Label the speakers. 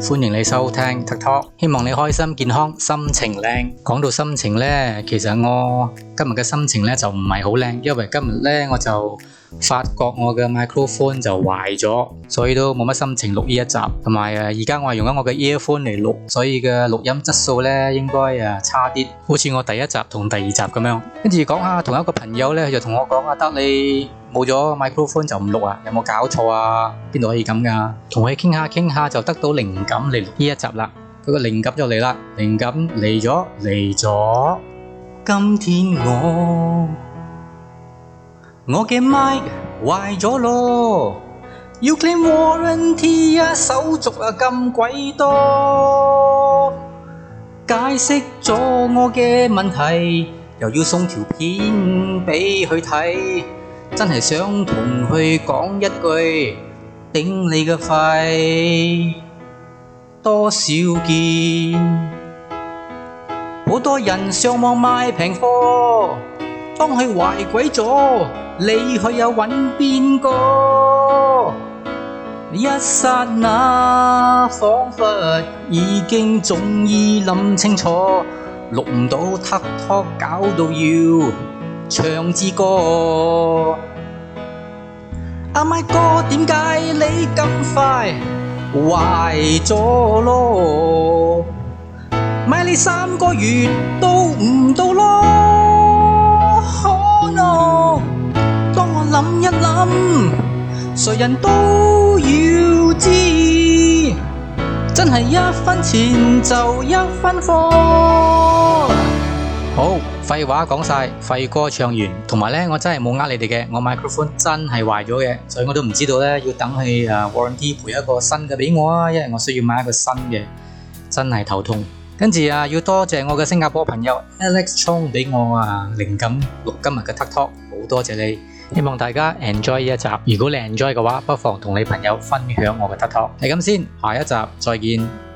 Speaker 1: 歡迎你收聽 Tuck Talk，希望你開心、健康、心情靚。講到心情咧，其實我今日嘅心情咧就唔係好靚，因為今日咧我就發覺我嘅 microphone 就壞咗，所以都冇乜心情錄呢一集。同埋誒，而家我係用緊我嘅 earphone 嚟錄，所以嘅錄音質素咧應該誒差啲，好似我第一集同第二集咁樣。跟住講下同一個朋友咧，佢就同我講阿德利。冇咗 microphone 就唔錄啊？有冇搞錯啊？邊度可以咁噶？同佢傾下傾下就得到靈感嚟呢一集啦。嗰個靈感就嚟啦，靈感嚟咗嚟咗。今天我我嘅麥壞咗咯！You claim warranty，手續啊咁鬼多，解釋咗我嘅問題，又要送條片俾佢睇。.真係想同佢講一句，頂你個肺，多少件？好多人上網買平貨，當佢壞鬼咗，你去又搵邊個？一剎那，仿佛已經終於諗清楚，錄唔到，拍拖搞到要。唱支歌，阿、啊、麥哥，點解你咁快壞咗咯？買你三個月都唔到咯，可惡！當我諗一諗，誰人都要知，真係一分錢就一分貨。好。廢話講晒，廢歌唱完，同埋呢，我真係冇呃你哋嘅，我 microphone 真係壞咗嘅，所以我都唔知道呢，要等佢啊 Warranty 賠一個新嘅俾我啊，因為我需要買一個新嘅，真係頭痛。跟住啊，要多謝我嘅新加坡朋友 Alex Chung 俾我啊靈感錄今日嘅 Tuck Talk，好多謝你。希望大家 enjoy 呢一集，如果你 enjoy 嘅話，不妨同你朋友分享我嘅 Tuck Talk。係咁先，下一集再見。